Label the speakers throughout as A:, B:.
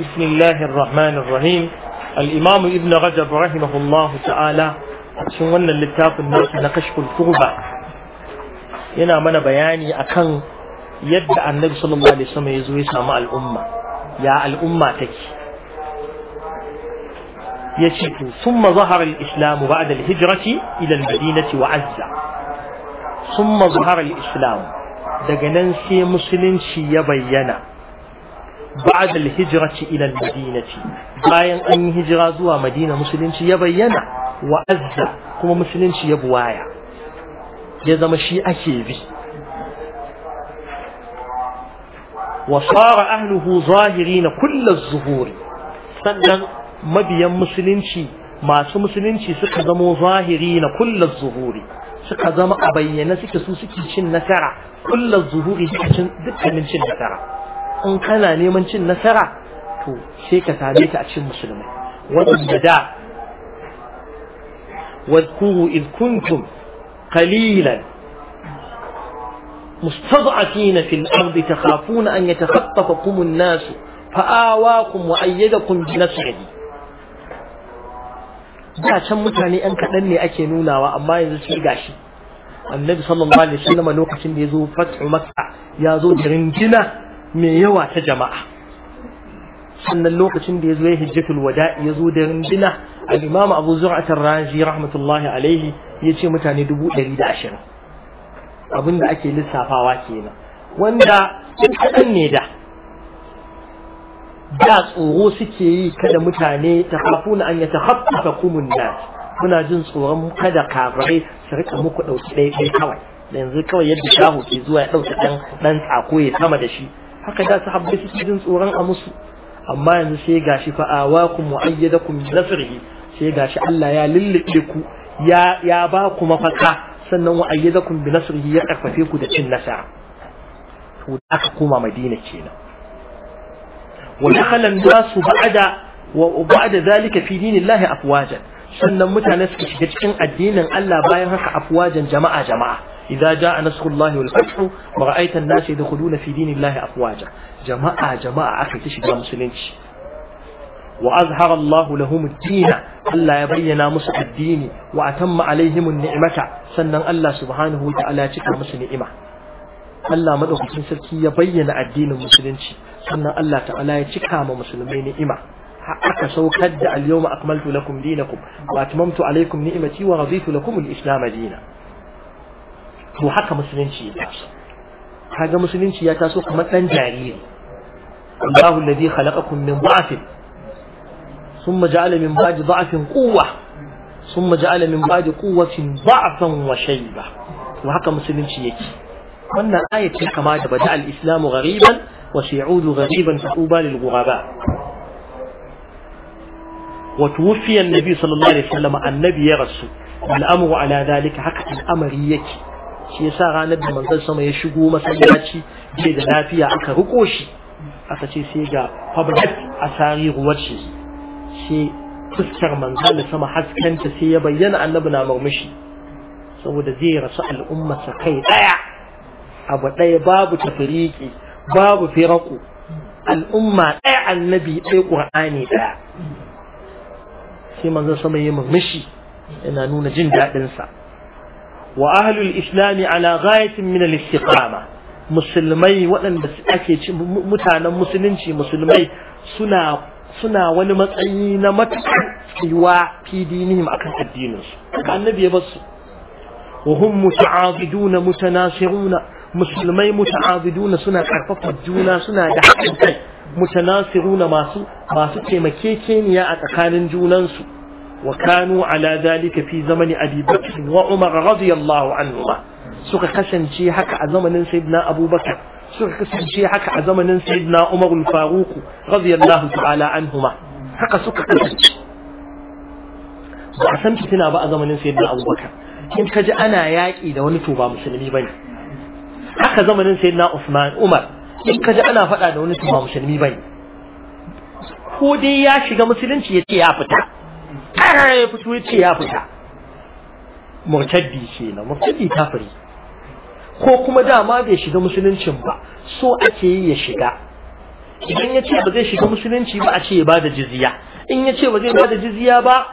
A: بسم الله الرحمن الرحيم الإمام ابن رجب رحمه الله تعالى شنوانا لتاق الموت نقشق الكربة ينا من بياني أكن يدعى النبي صلى الله عليه وسلم يزوي سماء الأمة يا الأمة تكي يشيك ثم ظهر الإسلام بعد الهجرة إلى المدينة وعزة ثم ظهر الإسلام دقنان سي مسلم شي يبينا بعد الهجرة إلى المدينة بعد أن هجرة زوا مدينة مسلم يبينا وأزا كما مسلم يبوايا يذا مشي أكيبي وصار أهله ظاهرين كل الظهور سنن مبيا مسلم ما سو مسلم سكزمو ظاهرين كل الظهور سكزم أبينا سكسو سكي شن نسرع كل الظهور سكي دكا من شن نسرع in kana neman cin nasara to sai ka same ta a cikin musulmai waɗanda da واذكروا إذ كنتم قليلا مستضعفين في الأرض تخافون أن يتخطفكم الناس فآواكم وأيدكم بنصره da can mutane ‘yan kaɗan ne ake nunawa amma yanzu sai gashi annabi sallallahu alaihi wasallam lokacin da ya zo fatu makka ya zo da ringina mai yawa ta jama'a sannan lokacin da ya zo ya hijjatul wada'i ya zo da rindina al-imam abu zur'atar raji rahmatullahi alaihi ya ce mutane dubu ɗari da ashirin abin da ake lissafawa kenan wanda in kaɗan ne da da tsoro suke yi kada mutane ta kafuna an ya ta haɓɓaka kumun na muna jin tsoron kada kafirai su rika muku ɗauki ɗaya kawai da yanzu kawai yadda shahu ke zuwa ya ɗauki ɗan ɗan tsako ya sama da shi haka da sahabbai suke jin tsoron a musu amma yanzu sai gashi fa awakum wa bi nasrihi sai gashi Allah ya lullube ku ya ya ba ku mafaka sannan wa ayyadakum bi nasrihi ya karfafe ku da cin nasara to aka koma Madina kenan wa dakhala nasu ba'da wa ba'da zalika fi dinillahi afwajan sannan mutane suka shiga cikin addinin Allah bayan haka afwajan jama'a jama'a إذا جاء نسخ الله والفتح ورأيت الناس يدخلون في دين الله أفواجا جماعة جماعة أخي تشد ما وأظهر الله لهم الدين ألا يبين مصر الدين وأتم عليهم النعمة سنن الله سبحانه وتعالى تشك مسلم الله مدعو تنسل كي يبين الدين المسلمش سنن الله تعالى تشك مسلمين إما حقك سو اليوم أكملت لكم دينكم وأتممت عليكم نعمتي ورضيت لكم الإسلام دينا to haka musulunci ya taso kaga musulunci ya taso kamar dan jariri Allahu alladhi khalaqakum min dha'fin thumma ja'ala min ba'di dha'fin quwwa thumma ja'ala min ba'di quwwatin dha'fan wa shayba to haka musulunci yake wannan aya ce kama da bada al-islamu ghariban wa sayudu ghariban tuba lil ghuraba wa tuwfiya an-nabi sallallahu alaihi wasallam annabi ya rasu al-amru ala dhalika haka al-amri yake shi yasa ranar da manzon sama ya shigo masallaci bai da lafiya aka riko shi aka ce sai ga a asari ce. sai fuskar manzon da sama haskanta sai ya bayyana annabi na murmushi saboda zai rasu al'ummarsa kai daya abu daya babu tafriki babu firaku al'umma daya annabi daya qur'ani daya sai manzon sama ya murmushi yana nuna jin daɗinsa wa ahlul islami ala ghayatin min al-istiqama musulmai waɗanda ake ci mutanen musulunci musulmai suna suna wani matsayi na matuƙar tsayuwa fi dinihim akan addininsu ka annabi ya basu wa hum muta'abiduna mutanasiruna musulmai muta'abiduna suna karfafa juna suna da haɗin kai mutanasiruna masu masu taimakekeniya a tsakanin junansu وكانوا على ذلك في زمن أبي بكر وعمر رضي الله عنهما suka kasance haka a zamanin sayyidina abubakar suka kasance haka a zamanin sayyidina umar faruk radiyallahu ta'ala anhuma haka suka kasance ba san fitina ba a zamanin sayyidina abubakar in ka ji ana yaƙi da wani to ba musulmi haka zamanin sayyidina umar in ka ji ana faɗa da wani to musulmi bane ko ya shiga musulunci ya ce ya fita tara ya fito ya ce ya fita murtaddi na murtaddi kafiri ko kuma dama bai shiga musuluncin ba so ake yi ya shiga idan ya ce ba zai shiga musulunci ba a ce ya bada jizya in ya ce ba zai bada jizya ba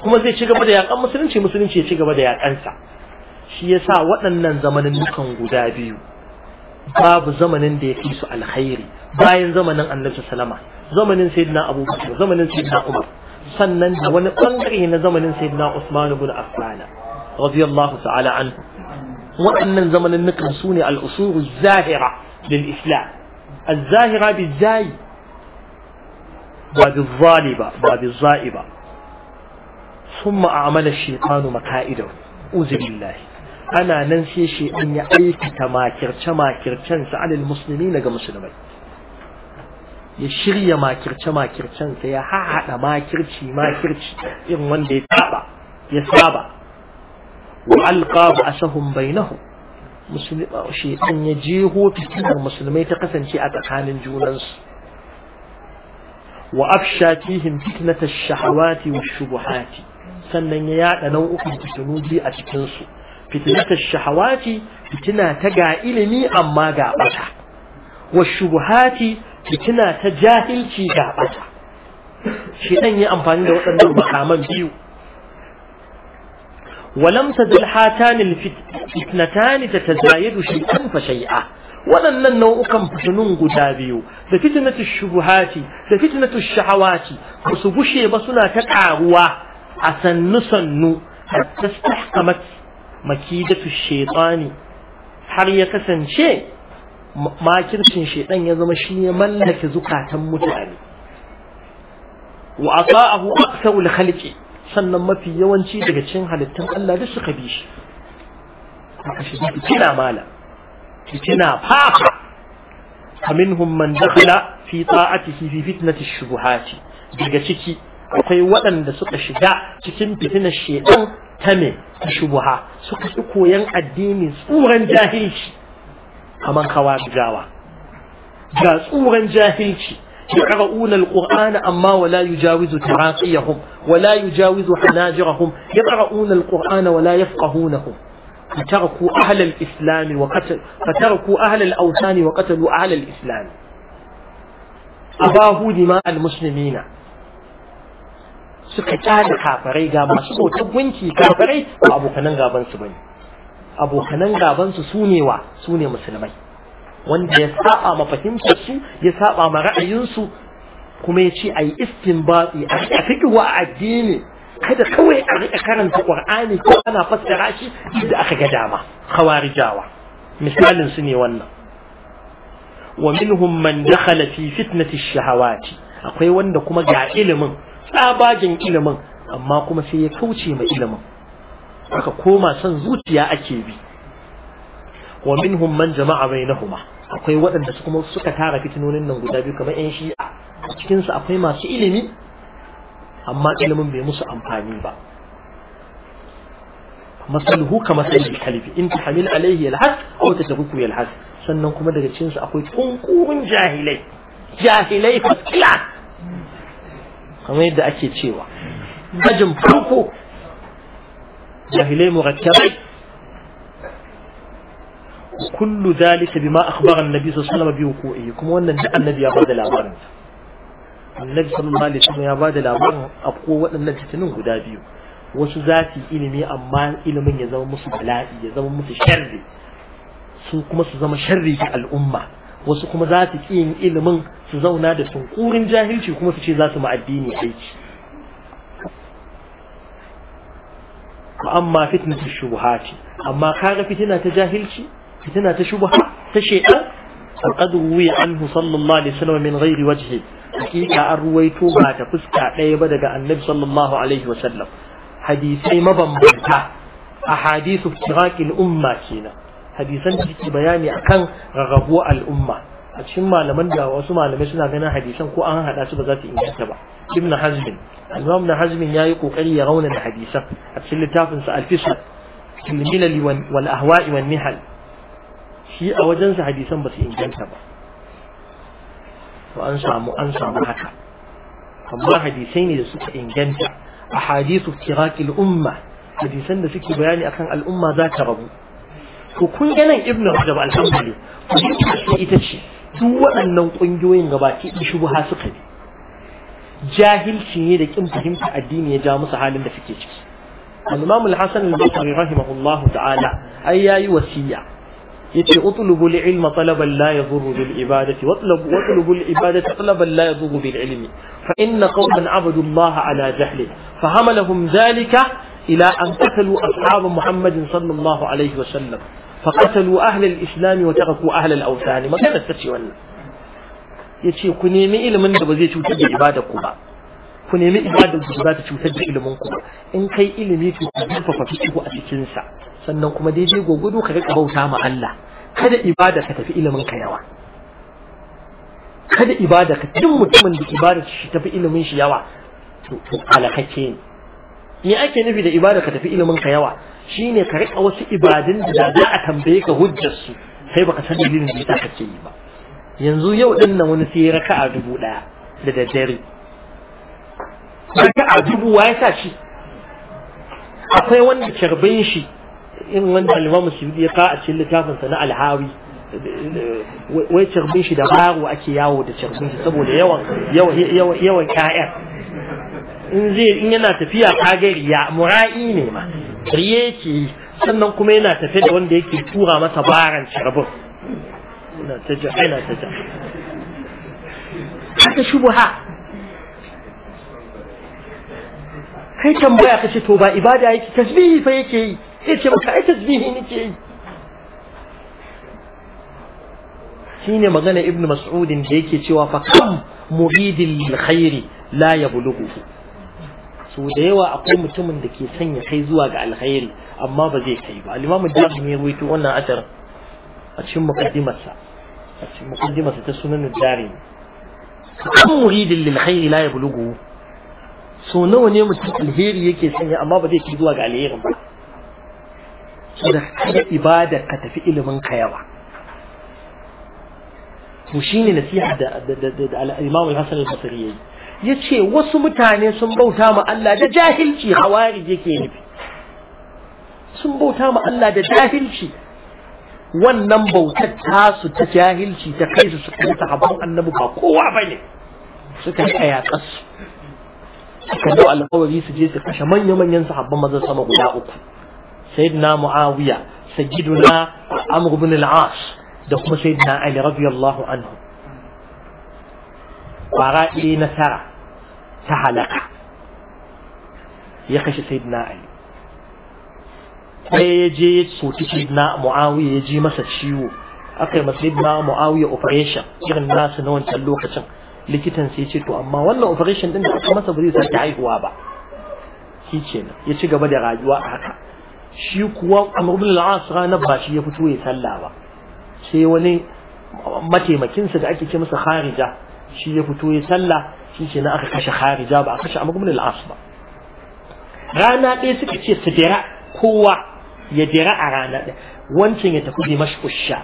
A: kuma zai ci gaba da yakan musulunci musulunci ya ci gaba da yakansa shi ya sa waɗannan zamanin dukan guda biyu babu zamanin da ya fi su alkhairi bayan zamanin annabi sallama zamanin sayyidina abubakar zamanin sayyidina umar sannan da wani bangare na zamanin sayyidina Usman ibn Affan radiyallahu ta'ala anhu waɗannan zamanin nukan su ne al-usuru zahira lil islam al-zahira bi zai ba bi zaliba ba bi zaiba ثم أعمل الشيطان مكائده ana nan sai shi شيء أن aikata تماكر تماكر تنسى على المسلمين كمسلمين ya shirya makirce makircen sa ya haɗa makirci makirci irin wanda ya saba ya saba wa alqab ba'sahum bainahum musulmi dan ya jeho fitinar musulmai ta kasance a tsakanin junansu wa afsha fihim ash shahawati wash shubuhati sannan ya yada nau'ukan bi a cikin su ash shahawati fitina ta ga ilimi amma ga bata wash shubuhati fitina ta jahilci ga bata shi dan yi amfani da wadannan makaman biyu ولم تزل هاتان الفتنتان تتزايد fa shay'a wadannan nau'ukan fitinun guda biyu da fitnatu shubuhati da fitnatu shahawati ba su gushe ba suna ta ƙaruwa a sannu sannu hatta makidatu shaytani har ya kasance makircin shedan ya zama shi ne mallake zukatan mutane wa asa'ahu aktsaru al sannan mafi yawanci daga cikin halittun Allah da suka bi shi haka shi kina mala kina fafa فمنهم من دخل في طاعته في فتنة الشبهات daga ciki akwai waɗanda suka shiga cikin fitinar shedan ta me ta shubuha suka ci koyan addini tsuran jahilci kaman جاوا جاز tsuran jahilci يقرؤون القرآن أما ولا يجاوز تراقيهم ولا يجاوز حناجرهم يقرؤون القرآن ولا يفقهونه فتركوا أهل الإسلام وقتل فتركوا أهل الأوثان وقتلوا أهل الإسلام أباه دماء المسلمين suka kyale kafarai ga masu hoton gunki kafarai ba abokanan gaban su bane abokanan gabansu su ne wa su ne musulmai wanda ya saba ma fahimtar su ya saba ma ra'ayinsu kuma ya ce a yi istinbati a riƙa wa addini kada kawai a rika karanta ƙur'ani ko ana fassara shi da aka ga dama khawarijawa misalin su ne wannan wa minhum man dakhala fi fitnati shahawati akwai wanda kuma ga ilimin tsabajin ilimin amma kuma sai ya kauce ma ilimin aka koma son zuciya ake bi wa minhum man jama'a bainahuma akwai waɗanda su kuma suka tara fitinonin nan guda biyu kamar yan shi'a cikin su akwai masu ilimi amma ilimin bai musu amfani ba masaluhu ka masalil kalbi in hamil alaihi alhas aw tabuku alhas sannan kuma daga cikin su akwai tunkurun jahilai jahilai fasila kamar yadda ake cewa gajin farko jahilai murakkabai kullu zalika bima akhbara annabi sallallahu alaihi wasallam bi wuqu'i kuma wannan da annabi ya bada labarin annabi sallallahu alaihi wasallam ya bada labarin afko waɗannan fitinin guda biyu wasu za ilimi amma ilimin ya zama musu bala'i ya zama musu sharri su kuma su zama sharri ga al'umma wasu kuma za su yin ilimin su zauna da sunkurin jahilci kuma su ce za su ma addini aiki amma fitnatu shubuhati amma kaga fitina ta jahilci fitina ta shubha ta shaytan faqad ruwiya anhu sallallahu alaihi wasallam min ghairi wajhi hakika an ruwaito ba ta fuska ɗaya ba daga annabi sallallahu alaihi wasallam hadisai mabambanta a hadisu firaqil umma kenan hadisan da bayani akan rarrabuwar al'umma a cikin malaman da wasu malamai suna ganin hadisan ko an haɗa su ba za su inganta ba ibn hazmin الإمام نحزم ياي قوقري يرون الحديثة أبسل تافن سأل فسر الملل والأهواء والنحل شيء أوجنس حديثا بس إن كان تبا وأنسى مؤنسى محكا فما حديثين يسوك إن كان أحاديث افتراك الأمة حديثا نسيك بياني أخان الأمة ذات ربو وكل جنان ابن رجب الحمد لله شيء تشي duk waɗannan ƙungiyoyin gabaki غباكي بشبه suka جاهل شهيدك ام فهمت الدين يا جامس عالم ده في فيك الامام الحسن البصري رحمه الله تعالى اي اي وصيه يتي اطلب العلم طلبا لا يضر بالعبادة واطلب واطلب العبادة طلبا لا يضر بالعلم فإن قوما عبدوا الله على جهل فحملهم ذلك إلى أن قتلوا أصحاب محمد صلى الله عليه وسلم فقتلوا أهل الإسلام وتركوا أهل الأوثان ما كانت تتشي ولا yace ku nemi ilimin da ba zai cutar da ibada ku ba ku nemi ibada da za ta cutar da ilimin ku in kai ilimi to ku zurfafa ku a cikin sa sannan kuma daidai gogodo ka rika bauta ma Allah kada ibada ka tafi ilimin ka yawa kada ibada ka duk mutumin da ibada shi tafi ilimin shi yawa to alakake ne me ake nufi da ibada ka tafi ilimin ka yawa shine ka rika wasu ibadun da za a tambaye ka hujjar su sai baka san dalilin da yasa kake yi ba yanzu yau din nan wani sai raka'a dubu ɗaya da daddare raka'a dubu wa ya sa shi akwai wanda karbin shi in wanda su ya ka a cikin littafinsa na alhawi wai carbin shi da baro ake yawo da carbin shi saboda yawan yawan in zai in yana tafiya kagari ya mura'i ne ma riye yi. sannan kuma yana tafe da wanda yake tura masa baran carbin ina ta ta shubuha kai tambaya kace to ba ibada yake tasbihi fa yake yi sai ce maka ai tasbihi ke yi shine magana ibnu mas'udin da yake cewa fa kam muridin lil khairi la yablughu so da yawa akwai mutumin da ke sanya kai zuwa ga alkhairi amma ba zai kai ba al-imamu ya ne wannan atar a cikin mukaddimarsa مقدمة السنن الدارين كم مريد اللي الخير لا يبلغه سنو نيم الهير يكي سنة أما بدي كدوا غالير با سنحكي إبادة كتفي إلي من كيوا مشيني نسيحة دا دا دا دا دا على الإمام الحسن البصري يتشي وصو متاني سنبو تاما ألا دا جاهل شي خوارج يكي نبي سنبو تاما ألا دا جاهل شي wannan bautar tasu ta jahilci ta kai su suka yi sahabban annabi ba kowa ba ne suka yi yaƙarsu suka dau alfawari su je su kashe manya-manyan sahabban maza sama guda uku sayyidina muawiya sayyiduna na ibn al-as da kuma na ali radiyallahu anhu fara nasara ta halaka ya kashe na ali ɗaya ya je ya na mu'awiya ya ji masa ciwo aka yi masa na mu'awiya operation irin nasu na wancan lokacin likitan sai ce to amma wannan operation din da aka masa ba zai sake haihuwa ba shi ya ci gaba da rayuwa a haka shi kuwa a bin al-as ranar ba shi ya fito ya salla ba sai wani mataimakinsa da ake ce masa kharija shi ya fito ya salla shi ce na aka kashe kharija ba a kashe amr bin al-as ba rana ɗaya suka ce su dira kowa ya jira a rana wancan ya tafi dimashq sha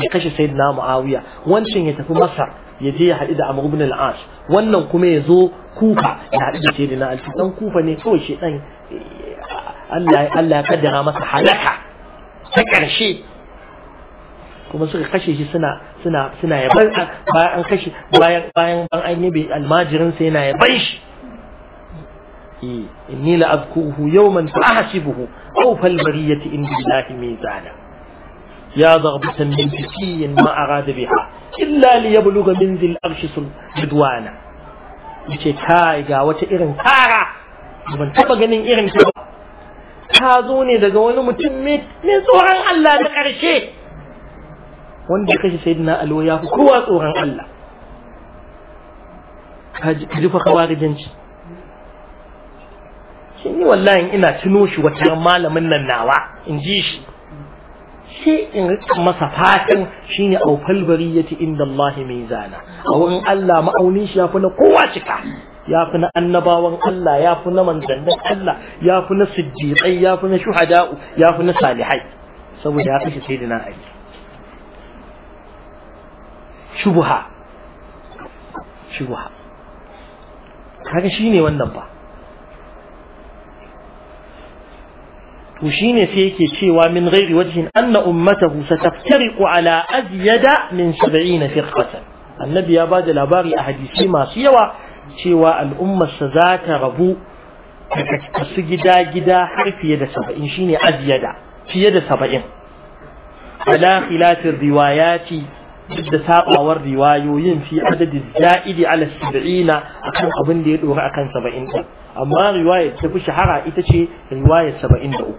A: ya kashe na muawiya wancan ya tafi masar ya je ya haɗu da amr ibn wannan kuma ya zo kufa ya haɗu da sayyidina ali dan kufa ne kawai shi ɗan Allah ya kaddara masa halaka ta ƙarshe kuma suka kashe shi suna suna suna yaban bayan kashe bayan bayan an yi almajirin sai yana yaban shi إيه، إني لأذكوه يوما فأحسبه أوفى المرية إن بالله ميزانا يا ضغبة من فتي ما أراد بها إلا ليبلغ منزل الأرش سلطوانا إيشي تايغا وتئرن تارا ومن تبقى من إيرن تارا تازوني دقا ونمتمت من صورة الله بقرشي وندقى سيدنا ألوياه كوى صورة الله هذه فخوارجنش shi ni wallahi ina tuno shi wata malamin nan nawa in ji shi Shi in rika masa fatan shine aufal bariyati inda Allah mai zana a wurin Allah ma'aunin shi ya fi na kowa cika ya fi na annabawan Allah ya fi na manzannin Allah ya fi na siddiqai ya fi na shuhada'u ya fi na salihai saboda ya kashe sai dina ali shubha shubha kaga shine wannan ba to shine sai yake cewa min ghairi wajhin anna ummatahu sataftariqu ala azyada min 70 firqatan annabi ya bada labari a hadisi masu yawa cewa al'ummarsa za ta rabu su gida gida har fiye da 70 shine azyada fiye da 70 ala khilafir riwayati duk da sabawar riwayoyin fi adadin za'idi ala 70 akan abin da ya dora akan 70 amma riwaya ta fi shahara ita ce riwaya 73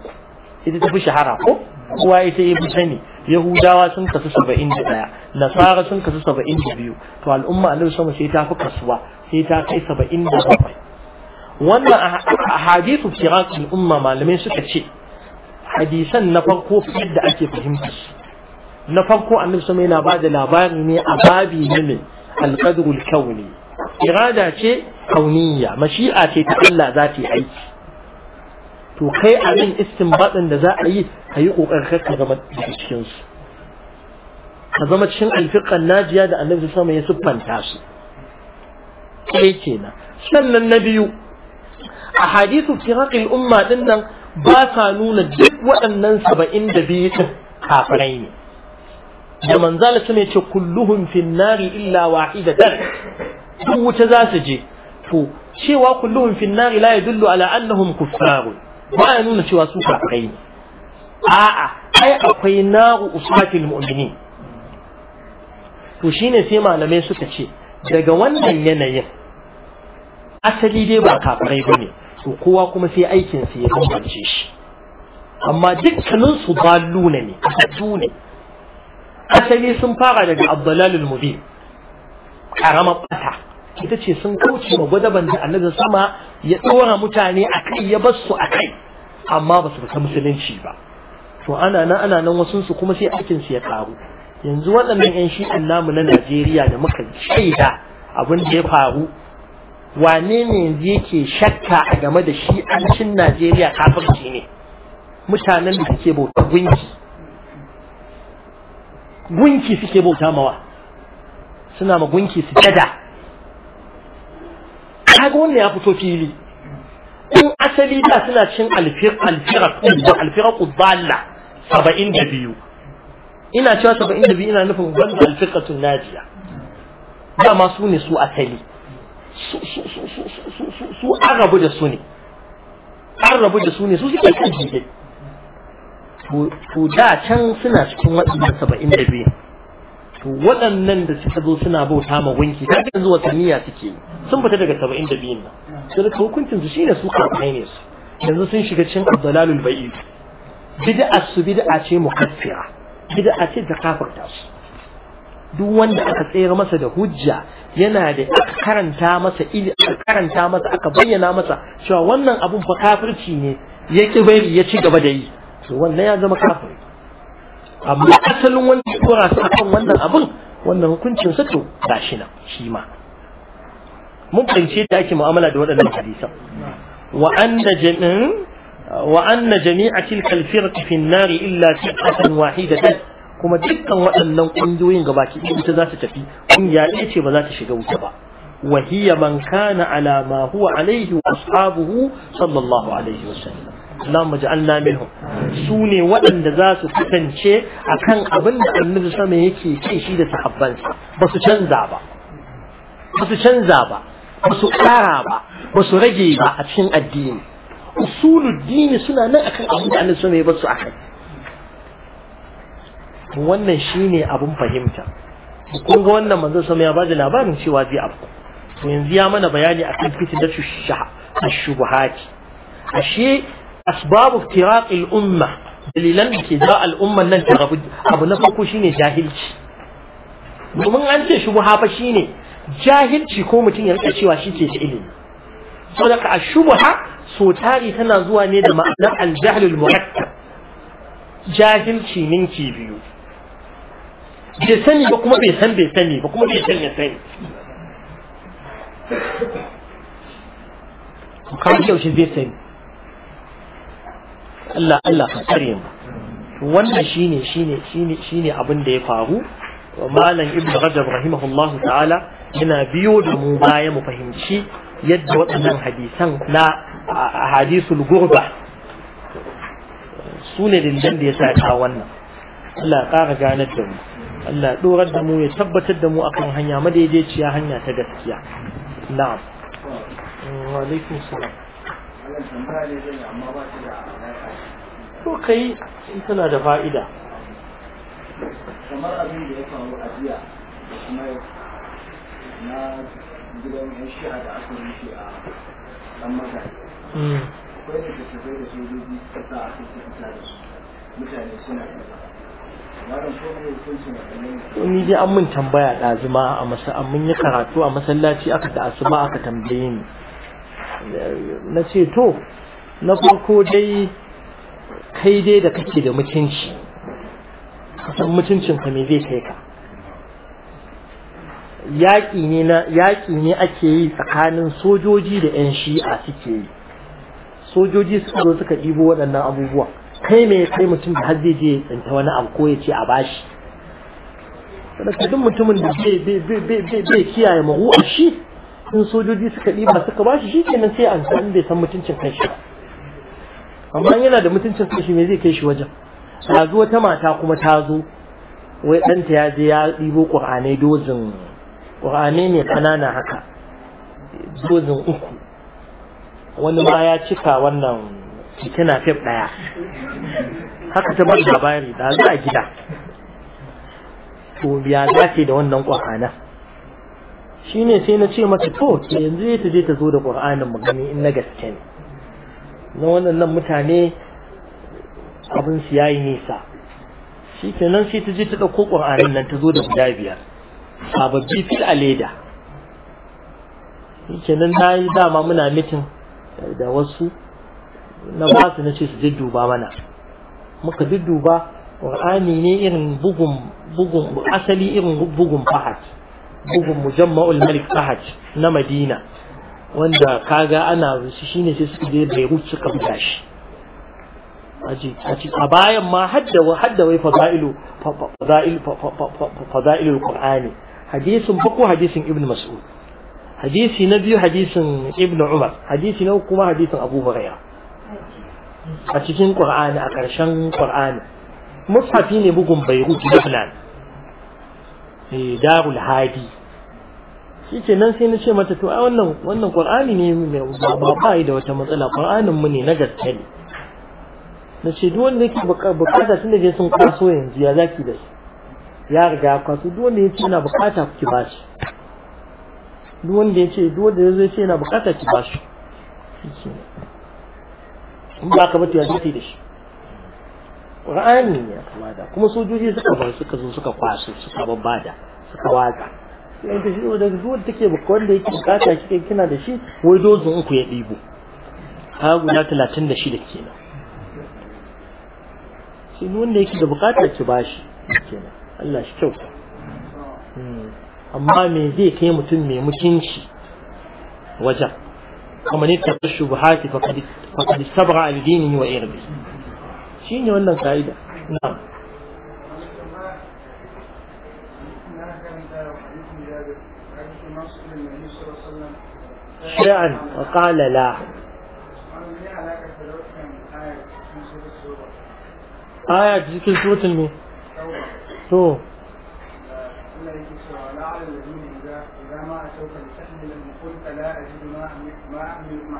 A: ita ta fi shahara ko kowa ita yi fi sani yahudawa sun kasu 71 nasara sun kasu 72 to al'umma annabi sama sai ta fi kasuwa sai ta kai 77 wannan a hadithu firaqin umma malamai suka ce hadisan na farko fiye da ake fahimta na farko annabi sama yana ba da labari ne a babi ne mai alqadrul kauni irada ce kauniya mashi'a ce ta Allah za ta yi aiki to kai a nan batsin da za a yi ka yi kokarin ka zama cikin cikinsu. ka zama cikin alfiqan najiya da annabi sama ya siffanta su kai kenan sannan na biyu a hadithu firaqil umma din nan ba sa nuna duk waɗannan saba'in da biyu kafirai ne da manzala su ne ce kulluhum fin nari illa wahidatan duk wuta za su je to cewa kulluhum fi an ya la ala annahum kuffar ba ya nuna cewa su kafirai ne a'a ai akwai naru usatil mu'minin to shine sai malamai suka ce daga wannan yanayin asali dai ba kafirai bane to kowa kuma sai aikin sa ya bambance shi amma dukkanin su balluna ne ne asali sun fara daga abdalalul mubin karamar bata ita ce sun kauce ma gwadaban da annabi sama ya dora mutane a kai ya bar su a kai amma ba su fita musulunci ba to ana nan ana nan wasu su kuma sai aikin su ya karu yanzu waɗannan yan shi'an namu na Najeriya da muka shaida abin da ya faru wane ne yanzu yake shakka a game da shi shi'ancin Najeriya kafirci ne mutanen da suke bauta gunki gunki suke bauta mawa suna ma gunki sujada kaga wannan ya fito fili in asali da suna cin alfira da alfirar kuballa saba'in da biyu ina cewa saba'in da biyu ina nufin wanda alfiratun najiya dama su ne su asali su an da su ne an rabu da su ne su suke kan jide to da can suna cikin waɗannan saba'in da biyu waɗannan da suka zo suna bauta ma wanki ta yanzu watanniya suke sun fita daga saba'in da biyun nan to da hukuncin su shine su kafai ne su yanzu sun shiga cikin abdalalul bai'i bid'a su bid'a ce mukaffira bid'a ce ta kafirta su duk wanda aka tsayar masa da hujja yana da karanta masa ili aka karanta masa aka bayyana masa cewa wannan abun fa kafirci ne ya ya ci gaba da yi to wannan ya zama kafiri amma asalin wanda ya dora su akan wannan abin wannan hukuncin sa to gashi na shi ma mun fahimci da ake mu'amala da waɗannan hadisan wa anna jami'in wa anna jami'a tilka al illa fi an-nar illa fi'atan wahidatan kuma dukkan waɗannan ƙungiyoyin gabaki ɗaya ita za ta tafi ƙungiya ɗaya ce ba za ta shiga wuta ba وهي kana alamahu على ما هو عليه وأصحابه صلى الله عليه Allahumma ja'alna namihu. su ne waɗanda za su kasance akan abin da annabi sama yake kai shi da sahabbansa ba su canza ba ba su canza ba ba su ƙara ba ba su rage ba a cikin addini dini suna nan akan abin da annabi sama ya bar su akan wannan shine abin fahimta kun ga wannan manzon sama ya bada labarin cewa zai abu to yanzu ya mana bayani akan fitnatu shubuhati ashe asbabu firaqil umma dalilan da ke za al'ummar nan ta rabu abu na farko shine jahilci domin an ce shubha fa shine jahilci ko mutum ya rika cewa shi ke da ilimi saboda ka shubha so tari tana zuwa ne da ma'anar al-jahlul murakkab jahilci ninki biyu bai sani ba kuma bai san bai sani ba kuma bai san ya yaushe zai sani Allah Allah ka
B: mu
A: wannan shine shine shine shine abin da ya faru malam ibn rajab rahimahullah ta'ala yana biyo da mu baya mu fahimci yadda waɗannan hadisan na hadisul gurba su ne dindin da ya sa ta wannan Allah ƙara ganar da mu Allah ɗorar da mu ya tabbatar da mu akan hanya madaidaiciya hanya ta gaskiya na'am wa alaikum salam
B: to
A: kai in tana da fa'ida
B: kamar abin da ya faru a jiya da kuma na gidan yan shi'a da aka yi shi a dan maka hmm. akwai da tattafai da sojoji ta sa aka yi fita da su mutane suna ni dai
A: an mun tambaya ɗazuma a masa an mun yi karatu a masallaci aka da asuba aka tambaye ni na ce to na farko dai kai dai da kake da mutunci kasan mutuncin ka me zai kai ka yaƙi ne ake yi tsakanin sojoji da 'yan shi'a suke yi sojoji suka zo suka ɗibo waɗannan abubuwa kai me kai mutum da har zai je tsinta wani abu ko ya ce a bashi saboda duk mutumin da zai kiyaye mahu a shi in sojoji suka ɗiba suka ba shi shikenan sai an san bai san mutuncin kai shi amma yana da mutuncin kai shi me zai kai shi wajen ta zo ta mata kuma ta zo wai ɗanta ya je ya ɗibo ƙur'anai dozin ƙur'anai ne ƙanana haka dozin uku wani ma ya cika wannan tana fif ɗaya
B: haka ta bar labari da za a gida
A: to ya dace da wannan ƙwaƙanan shine sai na ce mata to yanzu ya ta je ta zo da qur'anin magani in na gaske ne na wannan mutane abin su yayi nisa shi kenan sai ta je ta ɗauko ƙur'anin nan ta zo da guda biyar sababbi fil a leda shi kenan na yi dama muna mitin da wasu na ba su na ce su jidduba mana muka jidduba ƙur'ani ne irin bugun bugun asali irin bugun fahad bugun mujamma'ul malik fahad na madina wanda kaga ana rushe shi ne sai suka je beirut suka buga shi a bayan ma hadda hadda wai fada'ilu fada'ilu fada'ilu qur'ani hadisin bako hadisin ibn mas'ud hadisi na biyu hadisin ibn umar hadisi na kuma hadisin abu hurairah a cikin qur'ani a ƙarshen qur'ani mushafi ne bugun beirut lebanon Eh, darul hadi shi ce nan sai na ce mata to a wannan wannan qur'ani ne mai ba ba da wata matsala qur'anin mu ne na gaske ne na ce duk wanda yake bukata tun da je sun kwaso yanzu ya zaki da su ya riga ya kwaso duk wanda yace yana bukata ku ki bashi duk wanda yace duk wanda yazo yace yana bukata ki ba shi ke in ba ka mutu ya zaki da shi qur'ani ne aka bada kuma sojoji suka bar suka zo suka kwaso suka babbada suka watsa sai da shi da zuwa take ba wanda yake bukata kike kina da shi wai dozin uku ya dibo ha guda 36 kenan shi wanda yake da bukata ki bashi kenan Allah shi kyauta hmm. amma me zai kai mutum mai mutunci wajen kamar ne ta shubhati fa kadi sabra al dinihi wa irbi shine wannan ka'ida na'am شيئا وقال لا آية تذكر سورة المي تو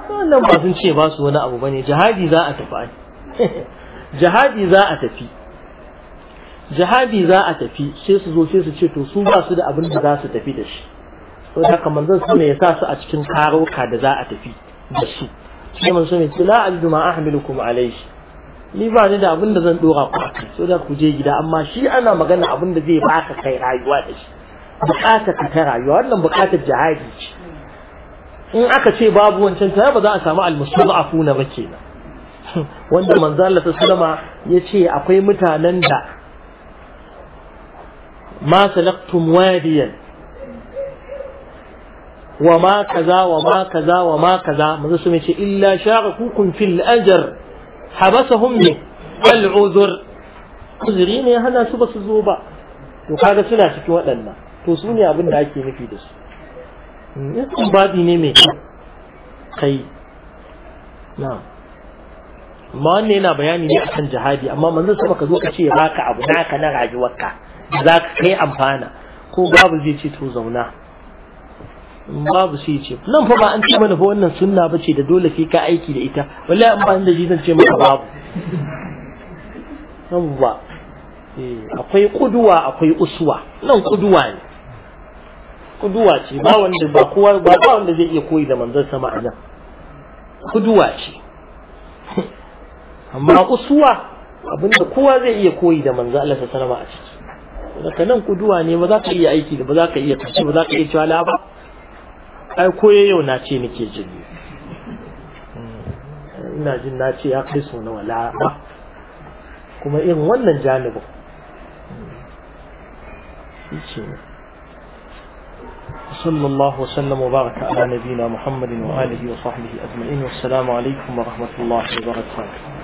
B: wannan ba sun ce
A: ba su wani abu bane jihadi za a tafi ai jihadi za a tafi jihadi za a tafi sai su zo sai su ce to su ba su da abin da za su tafi da shi da haka manzon sama ya sa su a cikin karauka da za a tafi da su sai manzon ya ce la aldu ma ahmilukum alayhi ni ba ni da abin da zan dora ku akai da ku je gida amma shi ana magana abin da zai baka kai rayuwa da shi bukatar ka ta rayuwa wannan bukatar jihadi ce in aka ce babu wancan ta ba za a samu almustada'afuna ba kenan wanda manzo Allah sallama yace akwai mutanen da ma salaktum wadiyan wa ma kaza wa ma kaza wa ma kaza manzo sun yace illa sharakukum fil ajr habasahum ne al uzur uzri ne hana su ba su zo ba to kaga suna cikin waɗannan to su ne abin da ake nufi da su in babi ne mai kai na'am amma wannan yana bayani ne akan jihadi amma manzo sama ka zo ka ce baka abu naka na rayuwarka za ka kai amfana ko babu zai ce to zauna babu sai ce nan fa ba an ce mana fa wannan sunna bace da dole sai ka aiki da ita wallahi an ba da ji zan ce maka babu yawwa eh, akwai kuduwa akwai usuwa nan kuduwa ne kuduwa ce ba wanda ba kowa ba wanda zai iya koyi da manzon sama a nan kuduwa ce amma usuwa abinda kowa zai iya koyi da manzo Allah sallallahu alaihi a ciki daga nan kuduwa ne ba za ka iya aiki da ba za ka iya kace ba za ka iya jala ba ai koye yau na ce nake jin hmm. ina jin na ce ya kai so na wala ba kuma irin wannan janibin hmm. shi ne صلى الله وسلم وبارك على نبينا محمد وآله وصحبه أجمعين والسلام عليكم ورحمة الله وبركاته